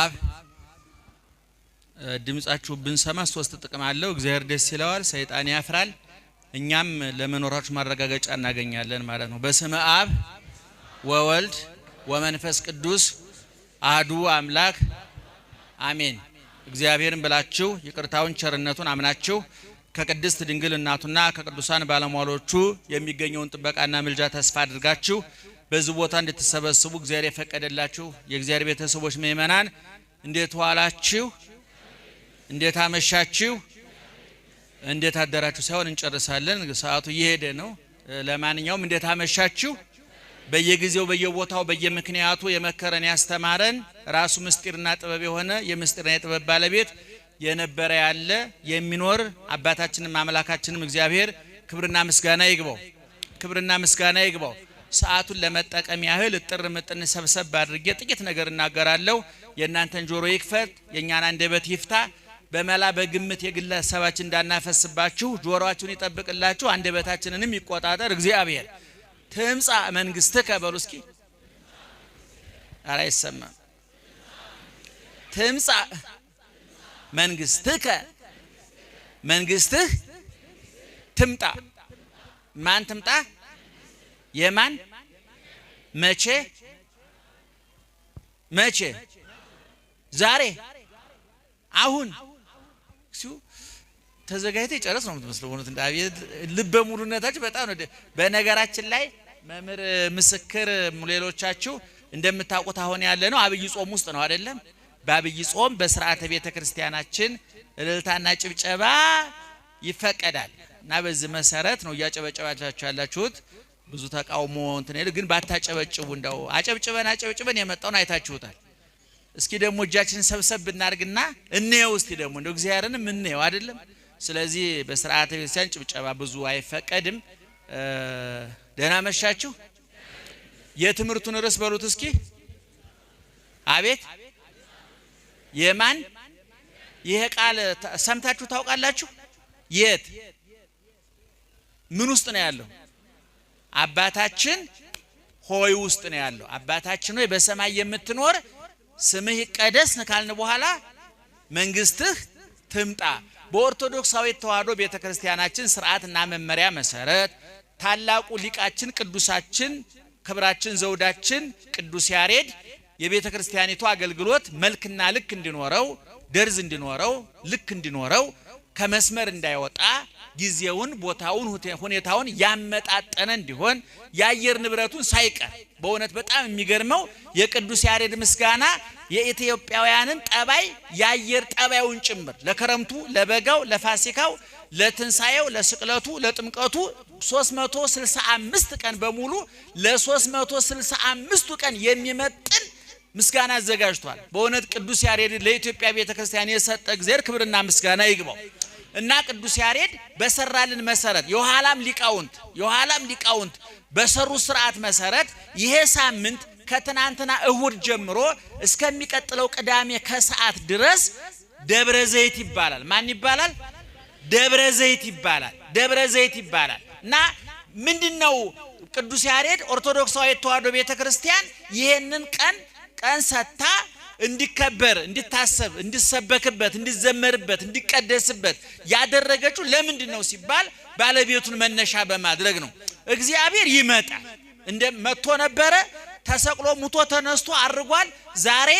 አብ ድምጻችሁ ብንሰማ ሶስት ጥቅም አለው። እግዚአብሔር ደስ ይለዋል፣ ሰይጣን ያፍራል፣ እኛም ለመኖራችሁ ማረጋገጫ እናገኛለን ማለት ነው። በስመ አብ ወወልድ ወመንፈስ ቅዱስ አህዱ አምላክ አሜን። እግዚአብሔርን ብላችሁ ይቅርታውን ቸርነቱን አምናችሁ ከቅድስት ድንግል እናቱና ከቅዱሳን ባለሟሎቹ የሚገኘውን ጥበቃና ምልጃ ተስፋ አድርጋችሁ በዚህ ቦታ እንድትሰበስቡ እግዚአብሔር የፈቀደላችሁ የእግዚአብሔር ቤተሰቦች ምእመናን እንዴት ዋላችሁ? እንዴት አመሻችሁ? እንዴት አደራችሁ ሳይሆን እንጨርሳለን፣ ሰዓቱ እየሄደ ነው። ለማንኛውም እንዴት አመሻችሁ? በየጊዜው በየቦታው በየምክንያቱ የመከረን ያስተማረን ራሱ ምስጢርና ጥበብ የሆነ የምስጢርና የጥበብ ባለቤት የነበረ ያለ የሚኖር አባታችንም አምላካችንም እግዚአብሔር ክብርና ምስጋና ይግባው። ክብርና ምስጋና ይግባው። ሰዓቱን ለመጠቀም ያህል እጥር ምጥን ሰብሰብ አድርጌ ጥቂት ነገር እናገራለሁ። የእናንተን ጆሮ ይክፈት፣ የእኛን አንደበት ይፍታ። በመላ በግምት የግለሰባችን እንዳናፈስባችሁ ጆሮአችሁን ይጠብቅላችሁ፣ አንደበታችንንም ይቆጣጠር እግዚአብሔር። ትምጻ መንግስት ከበሉ እስኪ። ኧረ ትምጻ መንግስትከ መንግስትህ ትምጣ። ማን ትምጣ? የማን መቼ መቼ ዛሬ አሁን ሲሁ ተዘጋጅተ የጨረስ ነው የምትመስለው። ሆኖት እንደ አብየ ልበ ሙሉነታችሁ በጣም ነው። በነገራችን ላይ መምህር ምስክር ሌሎቻችሁ እንደምታውቁት አሁን ያለ ነው አብይ ጾም ውስጥ ነው አይደለም። በአብይ ጾም በስርዓተ ቤተ ክርስቲያናችን እልልታና ጭብጨባ ይፈቀዳል እና በዚህ መሰረት ነው እያጨበጨባቻችሁ ያላችሁት። ብዙ ተቃውሞ እንትን ሄደ። ግን ባታጨበጭቡ እንዳው አጨብጭበን አጨብጭበን የመጣውን አይታችሁታል። እስኪ ደግሞ እጃችንን ሰብሰብ ብናርግና እንየው። እስቲ ደግሞ እንደው እግዚአብሔርንም እንየው አይደለም። ስለዚህ በስርዓተ ክርስቲያን ጭብጨባ ብዙ አይፈቀድም። ደህና መሻችሁ። የትምህርቱን ርዕስ በሉት እስኪ። አቤት የማን ይሄ ቃል ሰምታችሁ ታውቃላችሁ? የት ምን ውስጥ ነው ያለው? አባታችን ሆይ ውስጥ ነው ያለው። አባታችን ሆይ በሰማይ የምትኖር ስምህ ይቀደስ ካልን በኋላ መንግስትህ ትምጣ። በኦርቶዶክሳዊ ተዋህዶ ቤተ ክርስቲያናችን ስርዓትና መመሪያ መሰረት ታላቁ ሊቃችን ቅዱሳችን ክብራችን ዘውዳችን ቅዱስ ያሬድ የቤተ ክርስቲያኒቱ አገልግሎት መልክና ልክ እንዲኖረው፣ ደርዝ እንዲኖረው፣ ልክ እንዲኖረው ከመስመር እንዳይወጣ ጊዜውን፣ ቦታውን፣ ሁኔታውን ያመጣጠነ እንዲሆን የአየር ንብረቱን ሳይቀር በእውነት በጣም የሚገርመው የቅዱስ ያሬድ ምስጋና የኢትዮጵያውያንን ጠባይ የአየር ጠባዩን ጭምር ለክረምቱ፣ ለበጋው፣ ለፋሲካው፣ ለትንሣኤው፣ ለስቅለቱ፣ ለጥምቀቱ 365 ቀን በሙሉ ለ365ቱ ቀን የሚመጥን ምስጋና አዘጋጅቷል። በእውነት ቅዱስ ያሬድ ለኢትዮጵያ ቤተ ክርስቲያን የሰጠ እግዚአብሔር ክብርና ምስጋና ይግባው። እና ቅዱስ ያሬድ በሰራልን መሰረት የኋላም ሊቃውንት የኋላም ሊቃውንት በሰሩ ስርዓት መሰረት ይሄ ሳምንት ከትናንትና እሁድ ጀምሮ እስከሚቀጥለው ቅዳሜ ከሰዓት ድረስ ደብረ ዘይት ይባላል። ማን ይባላል? ደብረ ዘይት ይባላል። ደብረ ዘይት ይባላል እና ምንድነው ቅዱስ ያሬድ ኦርቶዶክሳዊ ተዋሕዶ ቤተክርስቲያን ይሄንን ቀን ቀን ሰታ እንዲከበር፣ እንዲታሰብ፣ እንዲሰበክበት፣ እንዲዘመርበት፣ እንዲቀደስበት ያደረገችው ለምንድን ነው ሲባል ባለቤቱን መነሻ በማድረግ ነው። እግዚአብሔር ይመጣል እንደ መጥቶ ነበረ ተሰቅሎ ሙቶ ተነስቶ አድርጓል። ዛሬ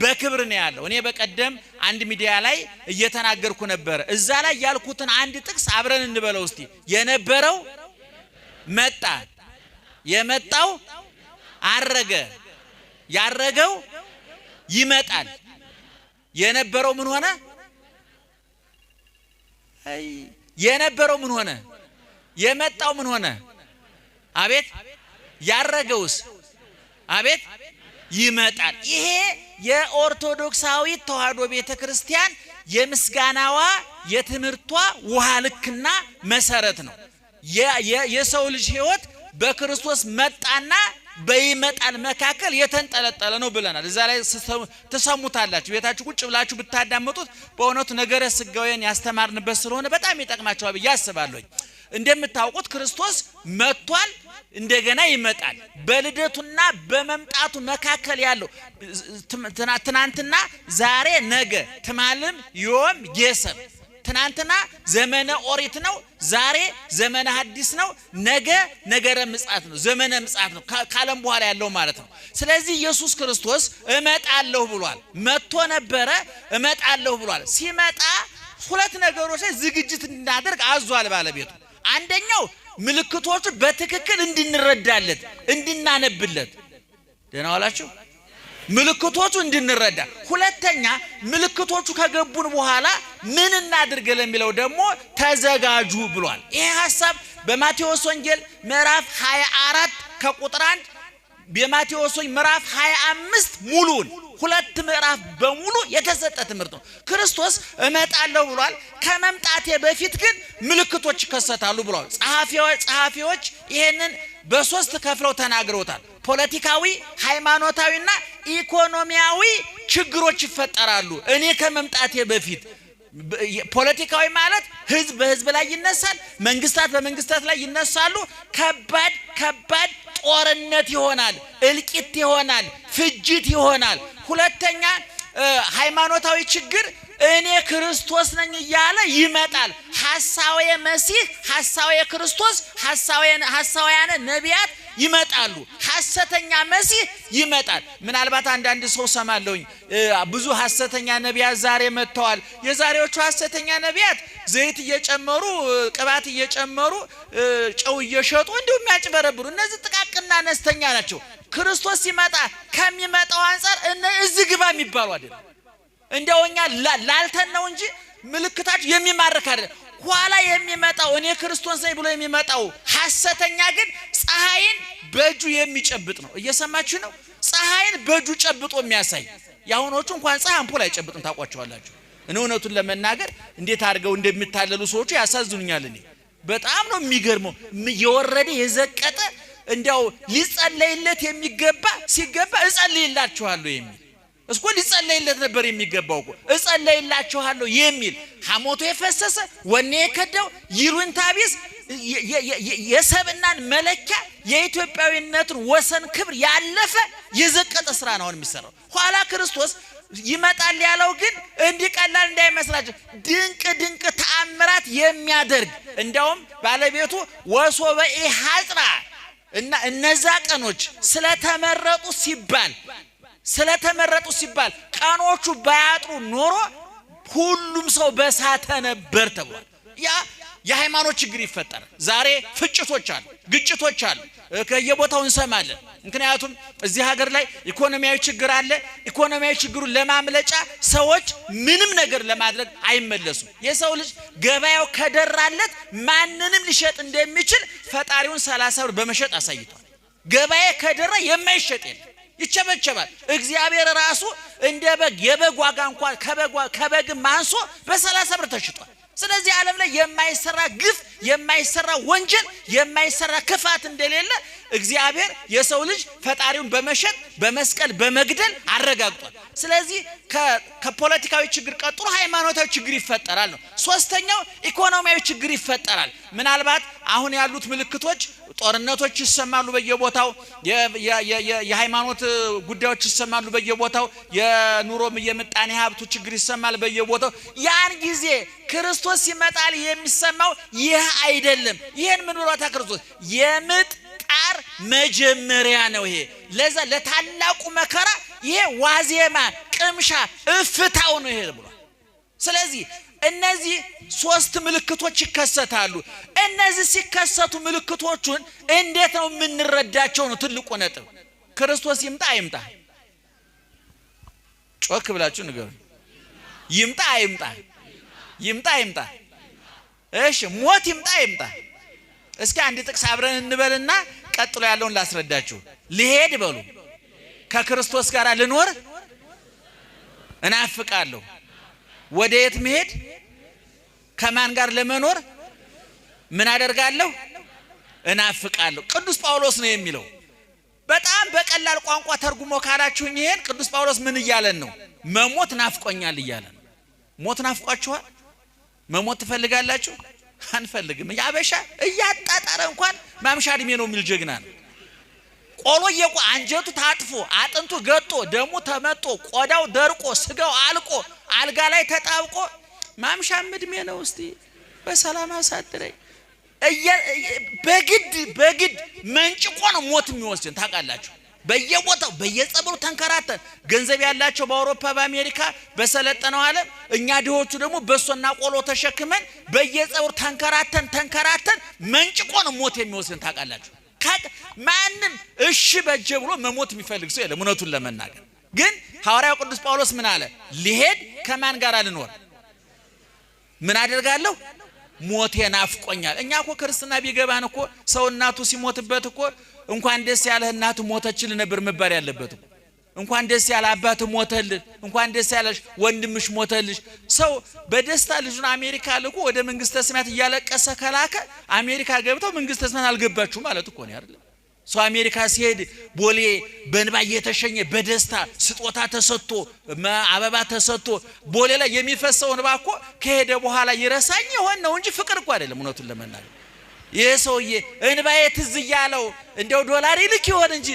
በክብር ነው ያለው። እኔ በቀደም አንድ ሚዲያ ላይ እየተናገርኩ ነበረ። እዛ ላይ ያልኩትን አንድ ጥቅስ አብረን እንበለው እስቲ። የነበረው መጣ፣ የመጣው አረገ፣ ያረገው ይመጣል። የነበረው ምን ሆነ? አይ የነበረው ምን ሆነ? የመጣው ምን ሆነ? አቤት ያረገውስ? አቤት ይመጣል። ይሄ የኦርቶዶክሳዊት ተዋህዶ ቤተ ክርስቲያን የምስጋናዋ የትምህርቷ ውሃ ልክና መሰረት ነው። የሰው ልጅ ሕይወት በክርስቶስ መጣና በይመጣል መካከል የተንጠለጠለ ነው ብለናል። እዛ ላይ ትሰሙታላችሁ። ቤታችሁ ቁጭ ብላችሁ ብታዳመጡት በእውነቱ ነገረ ስጋዌን ያስተማርንበት ስለሆነ በጣም ይጠቅማቸዋል ብዬ አስባለሁኝ። እንደምታውቁት ክርስቶስ መጥቷል፣ እንደገና ይመጣል። በልደቱና በመምጣቱ መካከል ያለው ትናንትና፣ ዛሬ፣ ነገ ትማልም ዮም ጌሰም ትናንትና ዘመነ ኦሪት ነው። ዛሬ ዘመነ ሐዲስ ነው፣ ነገ ነገረ ምጽአት ነው፣ ዘመነ ምጽአት ነው፣ ካለም በኋላ ያለው ማለት ነው። ስለዚህ ኢየሱስ ክርስቶስ እመጣለሁ ብሏል። መጥቶ ነበረ፣ እመጣለሁ ብሏል። ሲመጣ ሁለት ነገሮች ላይ ዝግጅት እንድናደርግ አዟል ባለቤቱ። አንደኛው ምልክቶቹ በትክክል እንድንረዳለት፣ እንድናነብለት። ደህና ዋላችሁ። ምልክቶቹ እንድንረዳ። ሁለተኛ ምልክቶቹ ከገቡን በኋላ ምን እናድርግ ለሚለው ደግሞ ተዘጋጁ ብሏል። ይሄ ሀሳብ በማቴዎስ ወንጌል ምዕራፍ 24 ከቁጥር 1 የማቴዎስ ወንጌል ምዕራፍ 25 ሙሉውን ሁለት ምዕራፍ በሙሉ የተሰጠ ትምህርት ነው። ክርስቶስ እመጣለሁ ብሏል። ከመምጣቴ በፊት ግን ምልክቶች ይከሰታሉ ብሏል። ጸሐፊዎች ይሄንን በሶስት ከፍለው ተናግረውታል። ፖለቲካዊ፣ ሃይማኖታዊና ኢኮኖሚያዊ ችግሮች ይፈጠራሉ። እኔ ከመምጣቴ በፊት ፖለቲካዊ ማለት ህዝብ በህዝብ ላይ ይነሳል፣ መንግስታት በመንግስታት ላይ ይነሳሉ። ከባድ ከባድ ጦርነት ይሆናል፣ እልቂት ይሆናል፣ ፍጅት ይሆናል። ሁለተኛ ሃይማኖታዊ ችግር እኔ ክርስቶስ ነኝ እያለ ይመጣል። ሐሳዌ መሲህ፣ ሐሳዌ ክርስቶስ፣ ሐሳውያነ ነቢያት ይመጣሉ። ሐሰተኛ መሲህ ይመጣል። ምናልባት አንዳንድ ሰው ሰማለሁኝ፣ ብዙ ሐሰተኛ ነቢያት ዛሬ መጥተዋል። የዛሬዎቹ ሐሰተኛ ነቢያት ዘይት እየጨመሩ ቅባት እየጨመሩ ጨው እየሸጡ እንዲሁም የሚያጭበረብሩ እነዚህ ጥቃቅና አነስተኛ ናቸው። ክርስቶስ ሲመጣ ከሚመጣው አንጻር እዚህ ግባ የሚባሉ አይደለም። እንዲያው እኛ ላልተን ነው እንጂ ምልክታችሁ የሚማርክ አይደለም። ኋላ የሚመጣው እኔ ክርስቶስ ነኝ ብሎ የሚመጣው ሐሰተኛ ግን ፀሐይን በእጁ የሚጨብጥ ነው። እየሰማችሁ ነው። ፀሐይን በእጁ ጨብጦ የሚያሳይ የአሁኖቹ እንኳን ፀሐይ አምፖል አይጨብጥም። ታውቋቸዋላችሁ። እኔ እውነቱን ለመናገር እንዴት አድርገው እንደሚታለሉ ሰዎቹ ያሳዝኑኛል። እኔ በጣም ነው የሚገርመው። የወረደ የዘቀጠ እንዲያው ሊጸለይለት የሚገባ ሲገባ እጸልይላችኋለሁ የሚል እስኮ ሊጸለይለት ነበር የሚገባው እኮ እጸለይላችኋለሁ የሚል ሐሞቱ የፈሰሰ ወኔ የከደው ይሉኝታ ቢስ የሰብናን መለኪያ የኢትዮጵያዊነቱን ወሰን ክብር ያለፈ የዘቀጠ ስራ ነው የሚሰራው። ኋላ ክርስቶስ ይመጣል ያለው ግን እንዲህ ቀላል እንዳይመስላቸው ድንቅ ድንቅ ተአምራት የሚያደርግ እንዲያውም ባለቤቱ ወሶበኢ ኢሐጥራ እና እነዛ ቀኖች ስለተመረጡ ሲባል ስለተመረጡ ሲባል ቀኖቹ ባያጥሩ ኖሮ ሁሉም ሰው በሳተ ነበር ተብሏል። ያ የሃይማኖት ችግር ይፈጠራል። ዛሬ ፍጭቶች አሉ፣ ግጭቶች አሉ፣ ከየቦታው እንሰማለን። ምክንያቱም እዚህ ሀገር ላይ ኢኮኖሚያዊ ችግር አለ። ኢኮኖሚያዊ ችግሩን ለማምለጫ ሰዎች ምንም ነገር ለማድረግ አይመለሱም። የሰው ልጅ ገበያው ከደራለት ማንንም ሊሸጥ እንደሚችል ፈጣሪውን ሰላሳ ብር በመሸጥ አሳይቷል። ገበያ ከደራ የማይሸጥ የለም። ይቸበቸባል። እግዚአብሔር ራሱ እንደ በግ የበግ ዋጋ እንኳን ከበግ ማንሶ በሰላሳ ብር ተሽጧል። ስለዚህ ዓለም ላይ የማይሰራ ግፍ፣ የማይሰራ ወንጀል፣ የማይሰራ ክፋት እንደሌለ እግዚአብሔር የሰው ልጅ ፈጣሪውን በመሸጥ በመስቀል በመግደል አረጋግጧል። ስለዚህ ከፖለቲካዊ ችግር ቀጥሎ ሃይማኖታዊ ችግር ይፈጠራል ነው። ሶስተኛው ኢኮኖሚያዊ ችግር ይፈጠራል። ምናልባት አሁን ያሉት ምልክቶች ጦርነቶች ይሰማሉ በየቦታው፣ የሃይማኖት ጉዳዮች ይሰማሉ በየቦታው፣ የኑሮም የምጣኔ ሀብቱ ችግር ይሰማል በየቦታው። ያን ጊዜ ክርስቶስ ይመጣል የሚሰማው ይህ አይደለም። ይህን ምን ክርስቶስ የምጥ መጀመሪያ ነው። ይሄ ለዛ ለታላቁ መከራ ይሄ ዋዜማ ቅምሻ እፍታው ነው ይሄ ብሏል። ስለዚህ እነዚህ ሶስት ምልክቶች ይከሰታሉ። እነዚህ ሲከሰቱ ምልክቶቹን እንዴት ነው የምንረዳቸው ነው ትልቁ ነጥብ። ክርስቶስ ይምጣ አይምጣ? ጮክ ብላችሁ ንገሩ። ይምጣ አይምጣ? ይምጣ አይምጣ? እሺ ሞት ይምጣ አይምጣ? እስኪ አንድ ጥቅስ አብረን እንበልና ቀጥሎ ያለውን ላስረዳችሁ። ልሄድ በሉ። ከክርስቶስ ጋር ልኖር እናፍቃለሁ። ወደ የት መሄድ? ከማን ጋር ለመኖር ምን አደርጋለሁ? እናፍቃለሁ። ቅዱስ ጳውሎስ ነው የሚለው። በጣም በቀላል ቋንቋ ተርጉሞ ካላችሁኝ ይሄን ቅዱስ ጳውሎስ ምን እያለን ነው? መሞት ናፍቆኛል እያለን። ሞት ናፍቋችኋል? መሞት ትፈልጋላችሁ? አንፈልግም። ያበሻ እያጣጣረ እንኳን ማምሻ እድሜ ነው የሚል ጀግና ነው። ቆሎ እየቆ አንጀቱ ታጥፎ አጥንቱ ገጦ ደሙ ተመጦ ቆዳው ደርቆ ስጋው አልቆ አልጋ ላይ ተጣብቆ ማምሻም እድሜ ነው። እስቲ በሰላም አሳድረኝ። በግድ በግድ መንጭቆ ነው ሞት የሚወስድን ታውቃላችሁ። በየቦታው በየጸበሉ ተንከራተን ገንዘብ ያላቸው በአውሮፓ በአሜሪካ በሰለጠነው ዓለም እኛ ድሆቹ ደግሞ በሶና ቆሎ ተሸክመን በየጸበሉ ተንከራተን ተንከራተን ነው ሞት የሚወስድን ታውቃላችሁ። ማንም እሺ በጀ ብሎ መሞት የሚፈልግ ሰው የለም። እውነቱን ለመናገር ግን ሐዋርያው ቅዱስ ጳውሎስ ምን አለ? ሊሄድ ከማን ጋር ልኖር ምን አደርጋለሁ? ሞቴ ናፍቆኛል። እኛ እኮ ክርስትና ቢገባን እኮ ሰው እናቱ ሲሞትበት እኮ እንኳን ደስ ያለህ እናት ሞተችል ነበር መባል ያለበት። እንኳን ደስ ያለ አባት ሞተልህ፣ እንኳን ደስ ያለሽ ወንድምሽ ሞተልሽ። ሰው በደስታ ልጁን አሜሪካ ልኮ ወደ መንግስተ ሰማያት እያለቀሰ ከላከ አሜሪካ ገብተው መንግስተ ሰማያት አልገባችሁ ማለት እኮ ነው አይደል? ሰው አሜሪካ ሲሄድ ቦሌ በእንባ እየተሸኘ በደስታ ስጦታ ተሰጥቶ አበባ ተሰጥቶ ቦሌ ላይ የሚፈሰው እንባ እኮ ከሄደ በኋላ ይረሳኝ የሆን ነው እንጂ ፍቅር እኮ አይደለም እውነቱን ለመናገር ይህ ሰውዬ እንባዬ ትዝ እያለው እንደው ዶላር ይልክ ይሆን እንጂ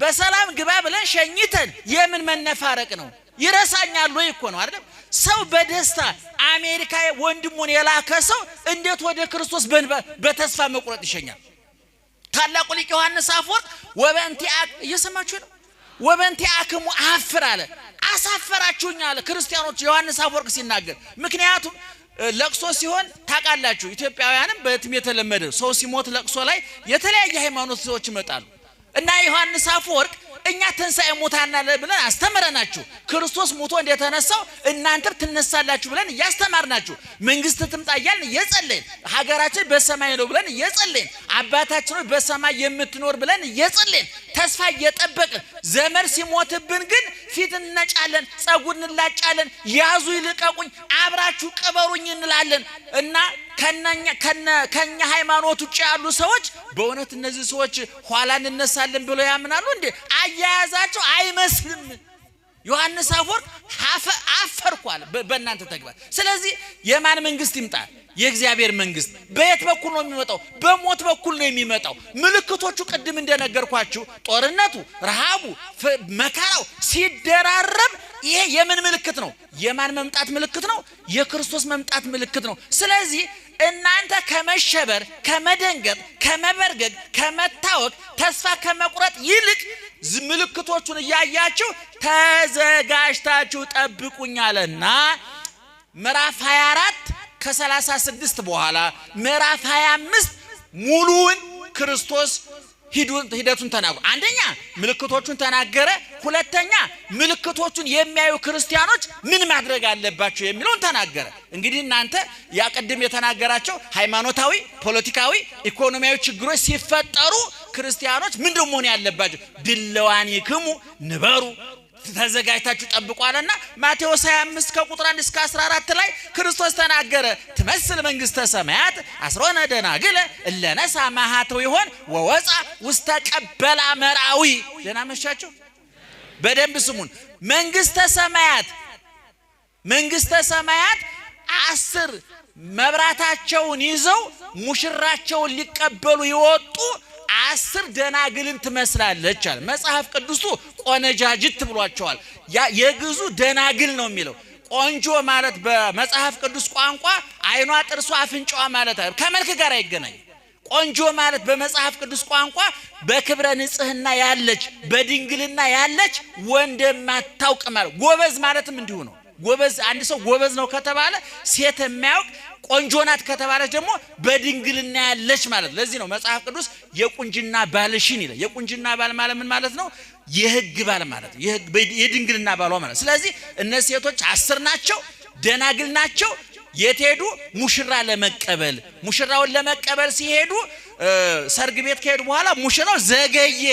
በሰላም ግባ ብለን ሸኝተን የምን መነፋረቅ ነው? ይረሳኛል ወይ እኮ ነው አይደለም። ሰው በደስታ አሜሪካ ወንድሙን የላከ ሰው እንዴት ወደ ክርስቶስ በተስፋ መቁረጥ ይሸኛል? ታላቁ ሊቅ ዮሐንስ አፈወርቅ ወበንቲ እየሰማችሁ ነው። ወበንቲ አክሙ አፍር አለ፣ አሳፈራችሁኝ አለ ክርስቲያኖች ዮሐንስ አፈወርቅ ሲናገር ምክንያቱም ለቅሶ ሲሆን ታውቃላችሁ፣ ኢትዮጵያውያንም በትም የተለመደ ሰው ሲሞት ለቅሶ ላይ የተለያየ ሃይማኖት ሰዎች ይመጣሉ እና ዮሐንስ አፈወርቅ እኛ ትንሣኤ ሙታናል ብለን አስተምረናችሁ ክርስቶስ ሙቶ እንደተነሳው እናንተም ትነሳላችሁ ብለን እያስተማርናችሁ መንግስት ትምጣ እያልን እየጸለይን ሀገራችን በሰማይ ነው ብለን እየጸለይን አባታችን በሰማይ የምትኖር ብለን እየጸለይን ተስፋ እየጠበቀ ዘመድ ሲሞትብን ግን ፊት እነጫለን፣ ጸጉር እንላጫለን፣ ያዙ ይልቀቁኝ፣ አብራችሁ ቅበሩኝ እንላለን እና ከኛ ሃይማኖት ውጭ ያሉ ሰዎች በእውነት እነዚህ ሰዎች ኋላ እንነሳለን ብለው ያምናሉ እንዴ? አያያዛቸው አይመስልም። ዮሐንስ አፈወርቅ አፈርኳል በእናንተ ተግባር። ስለዚህ የማን መንግስት ይምጣል? የእግዚአብሔር መንግስት በየት በኩል ነው የሚመጣው? በሞት በኩል ነው የሚመጣው። ምልክቶቹ ቅድም እንደነገርኳችሁ ጦርነቱ፣ ረሃቡ፣ መከራው ሲደራረብ ይሄ የምን ምልክት ነው? የማን መምጣት ምልክት ነው? የክርስቶስ መምጣት ምልክት ነው። ስለዚህ እናንተ ከመሸበር፣ ከመደንገጥ፣ ከመበርገግ፣ ከመታወቅ፣ ተስፋ ከመቁረጥ ይልቅ ምልክቶቹን እያያችሁ ተዘጋጅታችሁ ጠብቁኝ አለና ምዕራፍ 24 ከ36 በኋላ ምዕራፍ 25 ሙሉውን ክርስቶስ ሂደቱን ተናግሮ አንደኛ ምልክቶቹን ተናገረ። ሁለተኛ ምልክቶቹን የሚያዩ ክርስቲያኖች ምን ማድረግ አለባቸው የሚለውን ተናገረ። እንግዲህ እናንተ ያቅድም የተናገራቸው ሃይማኖታዊ፣ ፖለቲካዊ፣ ኢኮኖሚያዊ ችግሮች ሲፈጠሩ ክርስቲያኖች ምንድ መሆን ያለባቸው? ድለዋኒክሙ ንበሩ ተዘጋጅታችሁ ጠብቋልና ማቴዎስ 25 ከቁጥር 1 እስከ 14 ላይ ክርስቶስ ተናገረ። ትመስል መንግሥተ ሰማያት አስሮነ ደናግለ እለነሳ ማሃተው ይሆን ወወፃ ውስተ ቀበላ መርአዊ ደህና መሻቸው በደንብ ስሙን። መንግስተ ሰማያት መንግስተ ሰማያት አስር መብራታቸውን ይዘው ሙሽራቸውን ሊቀበሉ የወጡ አስር ደናግልን ትመስላለች አለ መጽሐፍ ቅዱሱ። ቆነጃጅት ብሏቸዋል። የግዙ ደናግል ነው የሚለው ቆንጆ ማለት በመጽሐፍ ቅዱስ ቋንቋ አይኗ፣ ጥርሷ፣ አፍንጫዋ ማለት ከመልክ ጋር አይገናኝ ቆንጆ ማለት በመጽሐፍ ቅዱስ ቋንቋ በክብረ ንጽህና ያለች በድንግልና ያለች ወንደማታውቅ ማለት። ጎበዝ ማለትም እንዲሁ ነው። ጎበዝ አንድ ሰው ጎበዝ ነው ከተባለ ሴት የማያውቅ ቆንጆ ናት ከተባለች ደግሞ በድንግልና ያለች ማለት። ለዚህ ነው መጽሐፍ ቅዱስ የቁንጅና ባልሽን ይለ። የቁንጅና ባል ማለት ምን ማለት ነው? የህግ ባል ማለት ነው። የድንግልና ባሏ ማለት። ስለዚህ እነዚህ ሴቶች አስር ናቸው፣ ደናግል ናቸው የት ሄዱ? ሙሽራ ለመቀበል ሙሽራውን ለመቀበል ሲሄዱ ሰርግ ቤት ከሄዱ በኋላ ሙሽራው ዘገየ።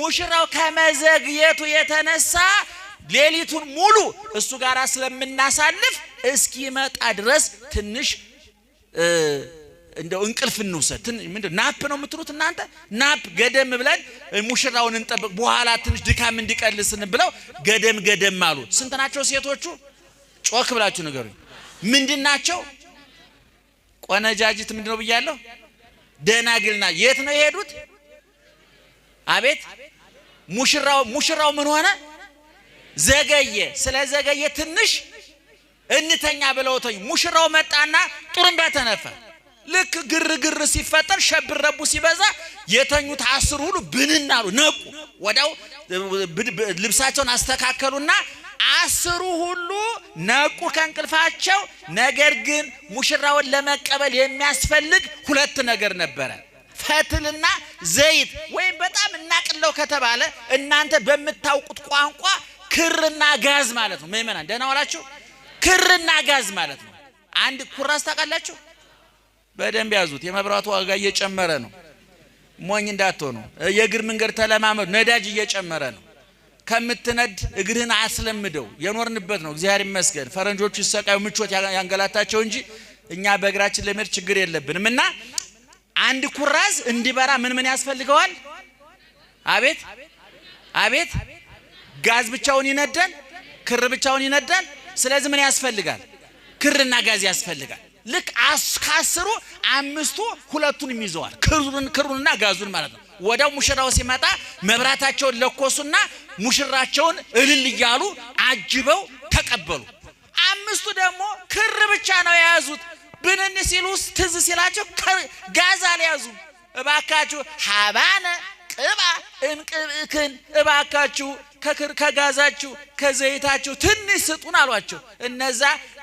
ሙሽራው ከመዘግየቱ የተነሳ ሌሊቱን ሙሉ እሱ ጋር ስለምናሳልፍ እስኪመጣ ድረስ ትንሽ እንደው እንቅልፍ እንውሰድ። ምንድን ናፕ ነው የምትሉት እናንተ? ናፕ ገደም ብለን ሙሽራውን እንጠብቅ፣ በኋላ ትንሽ ድካም እንዲቀልስን ብለው ገደም ገደም አሉ። ስንት ናቸው ሴቶቹ? ጮክ ብላችሁ ንገሩኝ። ምንድን ናቸው? ቆነጃጅት ምንድን ነው ብያለሁ? ደናግልና የት ነው የሄዱት? አቤት ሙሽራው ሙሽራው ምን ሆነ? ዘገየ። ስለ ዘገየ ትንሽ እንተኛ ብለው ሙሽራው መጣና ጡሩምባ ተነፋ። ልክ ግርግር ሲፈጠር ሸብረቡ ሲበዛ የተኙት አስሩ ሁሉ ብንን አሉ፣ ነቁ። ወዲያው ልብሳቸውን አስተካከሉና አስሩ ሁሉ ነቁ ከእንቅልፋቸው። ነገር ግን ሙሽራውን ለመቀበል የሚያስፈልግ ሁለት ነገር ነበረ፣ ፈትልና ዘይት። ወይም በጣም እናቅለው ከተባለ እናንተ በምታውቁት ቋንቋ ክርና ጋዝ ማለት ነው። ምእመናን ደህና ዋላችሁ። ክርና ጋዝ ማለት ነው። አንድ ኩራዝ ታውቃላችሁ? በደንብ ያዙት። የመብራቱ ዋጋ እየጨመረ ነው። ሞኝ እንዳትሆኑ። የእግር መንገድ ተለማመዱ። ነዳጅ እየጨመረ ነው። ከምትነድ እግርህን አስለምደው የኖርንበት ነው እግዚአብሔር ይመስገን። ፈረንጆቹ ይሰቃዩ፣ ምቾት ያንገላታቸው እንጂ እኛ በእግራችን ለመሄድ ችግር የለብንም። እና አንድ ኩራዝ እንዲበራ ምን ምን ያስፈልገዋል? አቤት አቤት! ጋዝ ብቻውን ይነዳል? ክር ብቻውን ይነዳል? ስለዚህ ምን ያስፈልጋል? ክርና ጋዝ ያስፈልጋል። ልክ ከአስሩ አምስቱ ሁለቱን ይዘዋል፣ ክሩንና ጋዙን ማለት ነው። ወደው ሙሽራው ሲመጣ መብራታቸውን ለኮሱና ሙሽራቸውን እልል እያሉ አጅበው ተቀበሉ። አምስቱ ደግሞ ክር ብቻ ነው የያዙት። ብንን ሲሉ ትዝ ሲላቸው ጋዝ አልያዙም። እባካችሁ ሀባነ ቅባ እንቅብእክን እባካችሁ ከጋዛችሁ ከዘይታችሁ ትንሽ ስጡን አሏቸው። እነዛ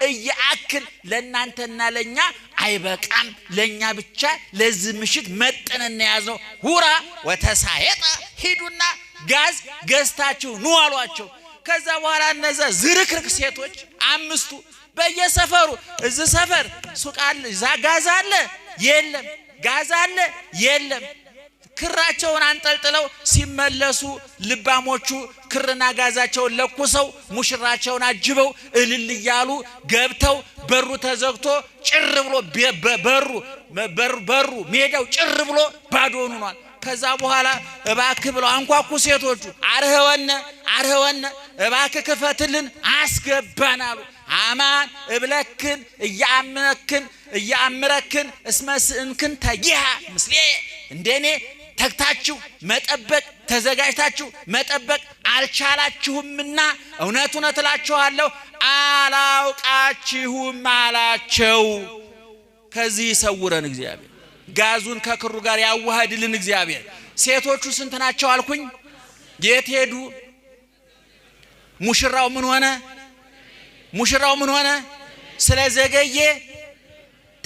እያአክል ለእናንተና ለእኛ አይበቃም፣ ለእኛ ብቻ ለዚህ ምሽት መጠን እንያዝነው። ሁራ ወተሳየጠ ሂዱና ጋዝ ገዝታችሁ ኑ አሏቸው። ከዛ በኋላ እነዛ ዝርክርክ ሴቶች አምስቱ በየሰፈሩ እዚህ ሰፈር ሱቅ አለ፣ እዛ ጋዝ አለ የለም፣ ጋዝ አለ የለም ክራቸውን አንጠልጥለው ሲመለሱ ልባሞቹ ክርና ጋዛቸውን ለኩሰው ሙሽራቸውን አጅበው እልል እያሉ ገብተው በሩ ተዘግቶ ጭር ብሎ በሩ በሩ ሜዳው ጭር ብሎ ባዶ ሆኗል። ከዛ በኋላ እባክ ብለው አንኳኩ። ሴቶቹ አርህወነ አርህወነ እባክ ክፈትልን አስገባን አሉ። አማን እብለክን እያምረክን እያምረክን እስመስእንክን ተይሃ ምስሌ እንደኔ ተግታችሁ መጠበቅ ተዘጋጅታችሁ መጠበቅ አልቻላችሁምና እውነት እውነት እላችኋለሁ አላውቃችሁም አላቸው። ከዚህ ይሰውረን እግዚአብሔር። ጋዙን ከክሩ ጋር ያዋህድልን እግዚአብሔር። ሴቶቹ ስንት ናቸው አልኩኝ? የት ሄዱ? ሙሽራው ምን ሆነ? ሙሽራው ምን ሆነ? ስለ ዘገየ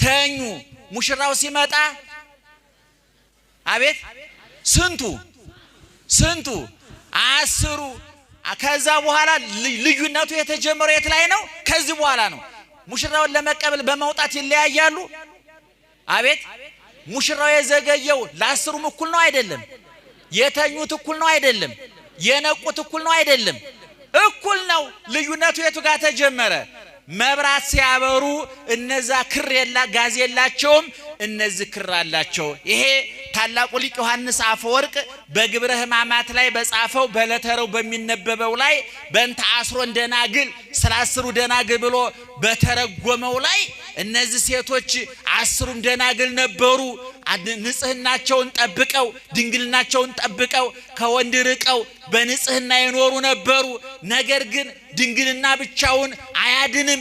ተኙ። ሙሽራው ሲመጣ አቤት ስንቱ ስንቱ አስሩ። ከዛ በኋላ ልዩነቱ የተጀመረው የት ላይ ነው? ከዚህ በኋላ ነው። ሙሽራውን ለመቀበል በመውጣት ይለያያሉ። አቤት ሙሽራው የዘገየው ለአስሩም እኩል ነው አይደለም። የተኙት እኩል ነው አይደለም። የነቁት እኩል ነው አይደለም። እኩል ነው። ልዩነቱ የቱ ጋር ተጀመረ? መብራት ሲያበሩ እነዛ ክር የላ ጋዝ የላቸውም፣ እነዚህ ክር አላቸው። ይሄ ታላቁ ሊቅ ዮሐንስ አፈወርቅ በግብረ ሕማማት ላይ በጻፈው በለተረው በሚነበበው ላይ በእንተ አስሮ ደናግል ስለ አስሩ ደናግል ብሎ በተረጎመው ላይ እነዚህ ሴቶች አስሩም ደናግል ነበሩ ንጽህናቸውን ጠብቀው ድንግልናቸውን ጠብቀው ከወንድ ርቀው በንጽህና የኖሩ ነበሩ። ነገር ግን ድንግልና ብቻውን አያድንም።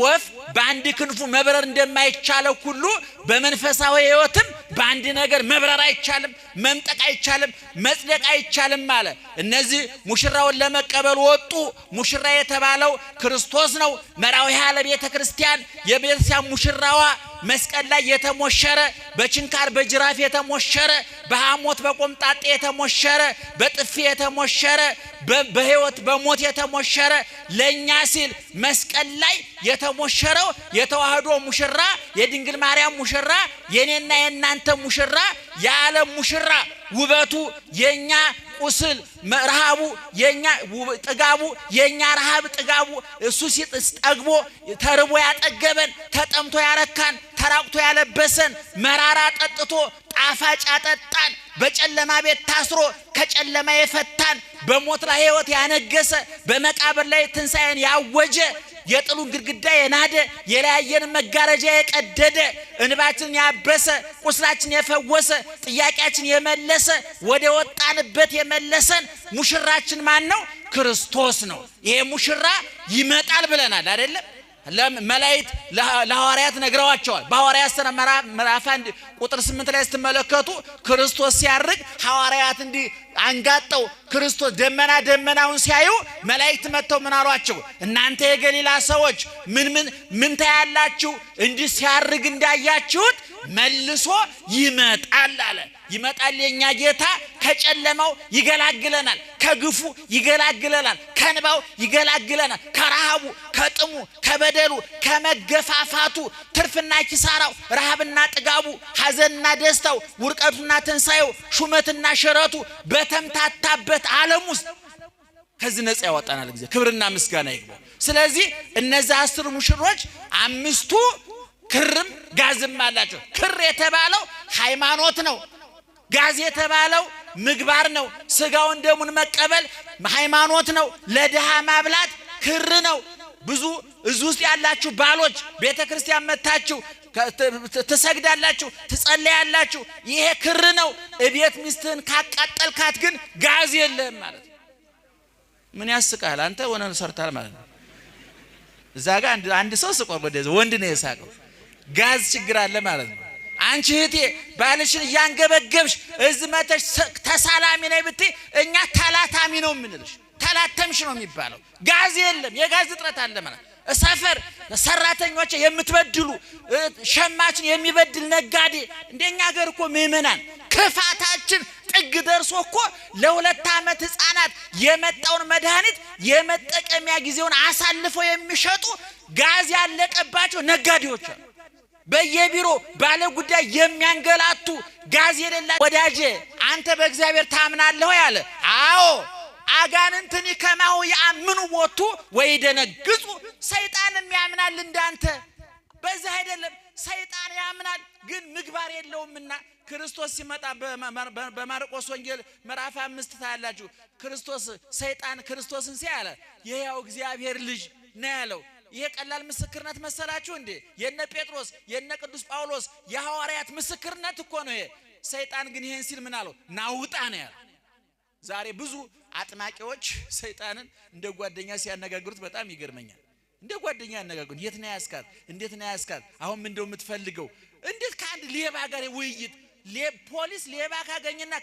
ወፍ በአንድ ክንፉ መብረር እንደማይቻለው ሁሉ በመንፈሳዊ ሕይወትም በአንድ ነገር መብረር አይቻልም፣ መምጠቅ አይቻልም፣ መጽደቅ አይቻልም አለ። እነዚህ ሙሽራውን ለመቀበል ወጡ። ሙሽራ የተባለው ክርስቶስ ነው። መራዊ ያለ ቤተ ክርስቲያን የቤተክርስቲያን ሙሽራዋ መስቀል ላይ የተሞሸረ በችንካር በጅራፍ የተሞሸረ በሐሞት በቆምጣጤ የተሞሸረ በጥፊ የተሞሸረ በሕይወት በሞት የተሞሸረ ለእኛ ሲል መስቀል ላይ የተሞሸረው የተዋህዶ ሙሽራ የድንግል ማርያም ሙሽራ የእኔና የእናንተ ሙሽራ የዓለም ሙሽራ ውበቱ የእኛ ቁስል ረሃቡ የኛ ጥጋቡ የኛ ረሃብ ጥጋቡ እሱ ሲጠግቦ ተርቦ ያጠገበን ተጠምቶ ያረካን ተራቁቶ ያለበሰን መራራ ጠጥቶ ጣፋጭ ያጠጣን በጨለማ ቤት ታስሮ ከጨለማ የፈታን በሞት ላይ ሕይወት ያነገሰ በመቃብር ላይ ትንሣኤን ያወጀ የጥሉን ግድግዳ የናደ የለያየን መጋረጃ የቀደደ እንባችን ያበሰ ቁስላችን የፈወሰ ጥያቄያችን የመለሰ ወደ ወጣንበት የመለሰን ሙሽራችን ማን ነው? ክርስቶስ ነው። ይሄ ሙሽራ ይመጣል ብለናል አይደለም? መላእክት ለሐዋርያት ነግረዋቸዋል። በሐዋርያት ሥራ ምዕራፍ አንድ ቁጥር ስምንት ላይ ስትመለከቱ ክርስቶስ ሲያርግ ሐዋርያት እንዲህ አንጋጠው ክርስቶስ ደመና ደመናውን ሲያዩ መላእክት መጥተው ምን አሏቸው? እናንተ የገሊላ ሰዎች ምን ምን ምን ታያላችሁ? እንዲህ ሲያርግ እንዳያችሁት መልሶ ይመጣል አለ። ይመጣል የኛ ጌታ ከጨለማው ይገላግለናል፣ ከግፉ ይገላግለናል፣ ከንባው ይገላግለናል፣ ከረሃቡ፣ ከጥሙ፣ ከበደሉ፣ ከመገፋፋቱ ትርፍና ኪሳራው፣ ረሃብና ጥጋቡ፣ ሐዘንና ደስታው፣ ውርቀቱና ትንሣኤው፣ ሹመትና ሽረቱ በተምታታበት ዓለም ውስጥ ከዚህ ነጻ ያወጣናል። ጊዜ ክብርና ምስጋና ይግባ። ስለዚህ እነዚህ አስር ሙሽሮች አምስቱ ክርም ጋዝም አላቸው። ክር የተባለው ሃይማኖት ነው። ጋዝ የተባለው ምግባር ነው። ስጋውን ደሙን መቀበል ሃይማኖት ነው። ለድሃ ማብላት ክር ነው። ብዙ እዚ ውስጥ ያላችሁ ባሎች ቤተ ክርስቲያን መታችሁ ትሰግዳላችሁ፣ ትጸለያላችሁ። ይሄ ክር ነው። እቤት ሚስትህን ካቃጠልካት ግን ጋዝ የለህም ማለት ነው። ምን ያስቃል? አንተ ሆነ ሰርታል ማለት ነው። እዛ ጋር አንድ ሰው ስቆ ወንድ ነው የሳቀው ጋዝ ችግር አለ ማለት ነው። አንቺ እህቴ ባልሽን እያንገበገብሽ እዚህ መተሽ ተሳላሚ ነይ ብትይ እኛ ተላታሚ ነው የምንልሽ። ተላተምሽ ነው የሚባለው። ጋዝ የለም፣ የጋዝ እጥረት አለ ማለት ሰፈር ሰራተኞች የምትበድሉ ሸማችን የሚበድል ነጋዴ፣ እንደኛ ሀገር እኮ ምእመናን ክፋታችን ጥግ ደርሶ እኮ ለሁለት ዓመት ህፃናት የመጣውን መድኃኒት የመጠቀሚያ ጊዜውን አሳልፈው የሚሸጡ ጋዝ ያለቀባቸው ነጋዴዎች አሉ። በየቢሮ ባለ ጉዳይ የሚያንገላቱ ጋዝ የሌላ ወዳጄ አንተ በእግዚአብሔር ታምናለሁ ያለ አዎ አጋንንትን ከማሁ ያምኑ ወቱ ወይ ደነግጹ ሰይጣንም ያምናል እንዳንተ በዛ አይደለም ሰይጣን ያምናል ግን ምግባር የለውምና ክርስቶስ ሲመጣ በማርቆስ ወንጌል ምዕራፍ አምስት ታያላችሁ ክርስቶስ ሰይጣን ክርስቶስን ሲያለ የያው እግዚአብሔር ልጅ ነው ያለው ይሄ ቀላል ምስክርነት መሰላችሁ እንዴ? የነ ጴጥሮስ የነ ቅዱስ ጳውሎስ የሐዋርያት ምስክርነት እኮ ነው ይሄ። ሰይጣን ግን ይሄን ሲል ምን አለው? ናውጣ ነው ያለው። ዛሬ ብዙ አጥማቂዎች ሰይጣንን እንደ ጓደኛ ሲያነጋግሩት በጣም ይገርመኛል። እንደ ጓደኛ ያነጋግሩ፣ የት ነው ያስካል? እንዴት ነው ያስካል? አሁን ምንድነው የምትፈልገው? እንዴት ከአንድ ሌባ ጋር ውይይት ፖሊስ ሌባ ካገኘና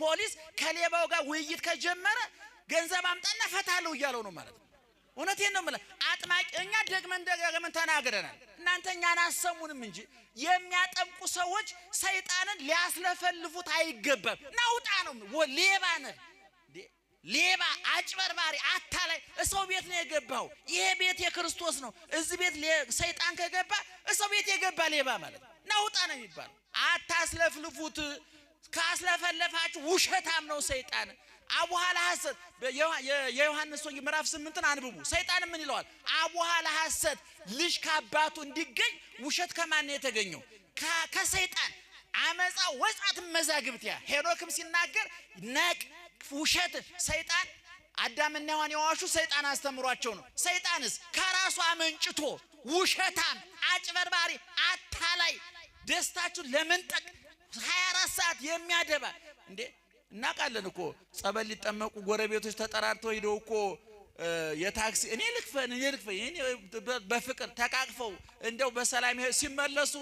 ፖሊስ ከሌባው ጋር ውይይት ከጀመረ ገንዘብ አምጣና ፈታለሁ እያለው ነው ማለት ነው። እውነቴን ነው የምልህ። አጥማቂ እኛ ደግመን ደጋግመን ተናግረናል። እናንተ እኛን አሰሙንም እንጂ የሚያጠምቁ ሰዎች ሰይጣንን ሊያስለፈልፉት አይገባም። ናውጣ ነው ሌባ ነህ ሌባ አጭበርባሪ፣ አታላይ እሰው ቤት ነው የገባው። ይሄ ቤት የክርስቶስ ነው። እዚህ ቤት ሰይጣን ከገባ እሰው ቤት የገባ ሌባ ማለት ነው። ናውጣ ነው የሚባለው። አታስለፍልፉት። ካስለፈለፋችሁ ውሸታም ነው ሰይጣን። አቡሃ ሐሰት የዮሐንስ ወንጌል ምዕራፍ ስምንትን አንብቡ። ሰይጣን ምን ይለዋል? አቡሃ ሐሰት ልጅ ከአባቱ እንዲገኝ ውሸት ከማን የተገኘው? ከሰይጣን አመፃ ወጻት መዛግብት ያ ሄኖክም ሲናገር ነቅ ውሸት ሰይጣን አዳምና ሔዋን የዋሹ ሰይጣን አስተምሯቸው ነው። ሰይጣንስ ከራሱ አመንጭቶ ውሸታም፣ አጭበርባሪ፣ አታላይ ደስታችሁን ለመንጠቅ 24 ሰዓት የሚያደባ እንዴ እናውቃለን እኮ ጸበል ሊጠመቁ ጎረቤቶች ተጠራርተው ሂደው እኮ የታክሲ እኔ ልክፈን እኔ ልክፈን ይሄን በፍቅር ተቃቅፈው እንደው በሰላም ሲመለሱ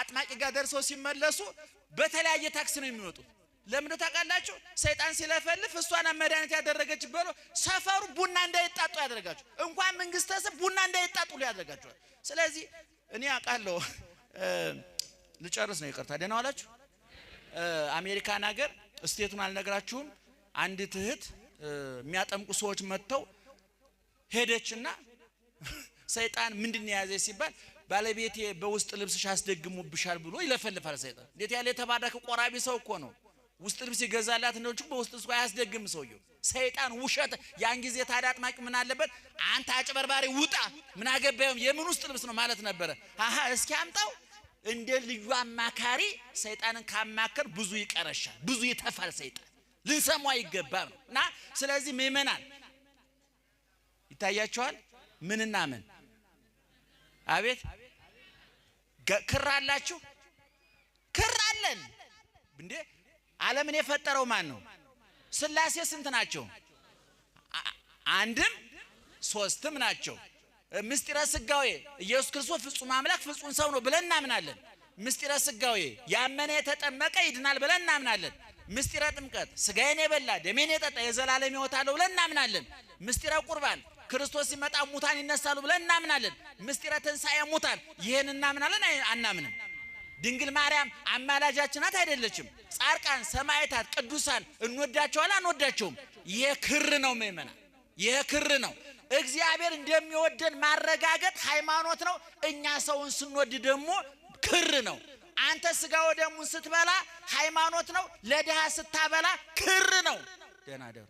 አጥማቂ ጋር ደርሰው ሲመለሱ በተለያየ ታክሲ ነው የሚወጡት። ለምን ታውቃላችሁ? ሰይጣን ሲለፈልፍ እሷን መድኃኒት ያደረገች በሎ ሰፈሩ ቡና እንዳይጣጡ ያደረጋችሁ እንኳን መንግስተ ሰብ ቡና እንዳይጣጡ ያደረጋችኋል። ስለዚህ እኔ አውቃለሁ። ልጨርስ ነው ይቅርታ። ደህና ዋላችሁ። አሜሪካን ሀገር እስቴቱን አልነግራችሁም። አንድ ትህት የሚያጠምቁ ሰዎች መጥተው ሄደችና ሰይጣን ምንድን የያዘ ሲባል ባለቤቴ በውስጥ ልብስሽ አስደግሙብሻል ብሎ ይለፈልፋል ሰይጣን። እንዴት ያለ የተባረከ ቆራቢ ሰው እኮ ነው። ውስጥ ልብስ ይገዛላት እንደሆነች በውስጥ ልብስ አያስደግም ሰውየው ሰይጣን ውሸት። ያን ጊዜ ታዲያ አጥማቂ ምን አለበት? አንተ አጭበርባሪ ውጣ፣ ምን አገባየም የምን ውስጥ ልብስ ነው ማለት ነበረ። አሀ እስኪ አምጣው እንደ ልዩ አማካሪ ሰይጣንን ካማከር ብዙ ይቀረሻል፣ ብዙ ይተፋል። ሰይጣን ልንሰሟ አይገባም ነው እና ስለዚህ ምእመናን ይታያቸዋል። ምንና ምን? አቤት ክር አላችሁ? ክር አለን እንዴ? ዓለምን የፈጠረው ማን ነው? ስላሴ ስንት ናቸው? አንድም ሶስትም ናቸው። ምስጢረ ስጋዌ ኢየሱስ ክርስቶስ ፍጹም አምላክ ፍጹም ሰው ነው ብለን እናምናለን። ምስጢረ ስጋዌ ያመነ የተጠመቀ ይድናል ብለን እናምናለን። ምስጢረ ጥምቀት ስጋዬን የበላ ደሜን የጠጣ የዘላለም ሕይወት አለው ብለን እናምናለን። ምስጢረ ቁርባን ክርስቶስ ሲመጣ ሙታን ይነሳሉ ብለን እናምናለን። ምስጢረ ትንሣኤ ሙታን ይህን እናምናለን አናምንም? ድንግል ማርያም አማላጃችን ናት አይደለችም? ጻድቃን፣ ሰማዕታት፣ ቅዱሳን እንወዳቸዋል አንወዳቸውም? ይሄ ክር ነው ምእመና፣ ይሄ ክር ነው። እግዚአብሔር እንደሚወደን ማረጋገጥ ሃይማኖት ነው። እኛ ሰውን ስንወድ ደግሞ ክር ነው። አንተ ስጋ ወደሙን ስትበላ ሃይማኖት ነው። ለድሃ ስታበላ ክር ነው። ደናደሩ